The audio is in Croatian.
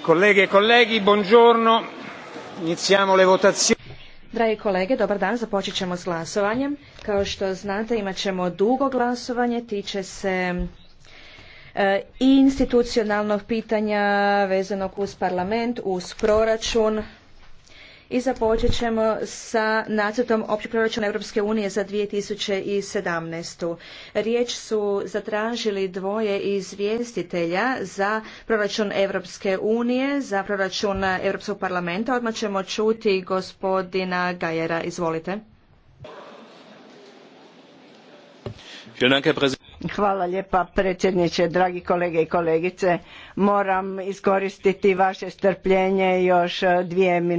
Kolege i kolegi, buongiorno. Iniziamo le votazioni. Dragi kolege, dobar dan, započet ćemo s glasovanjem. Kao što znate, imat ćemo dugo glasovanje, tiče se e, institucionalnog pitanja vezanog uz parlament, uz proračun, i započet ćemo sa nacrtom općeg proračuna Europske unije za 2017. Riječ su zatražili dvoje izvjestitelja za proračun Europske unije, za proračun Europskog parlamenta. Odmah ćemo čuti gospodina Gajera. Izvolite. Hvala lijepa predsjedniče, dragi kolege i kolegice. Moram iskoristiti vaše strpljenje još dvije minute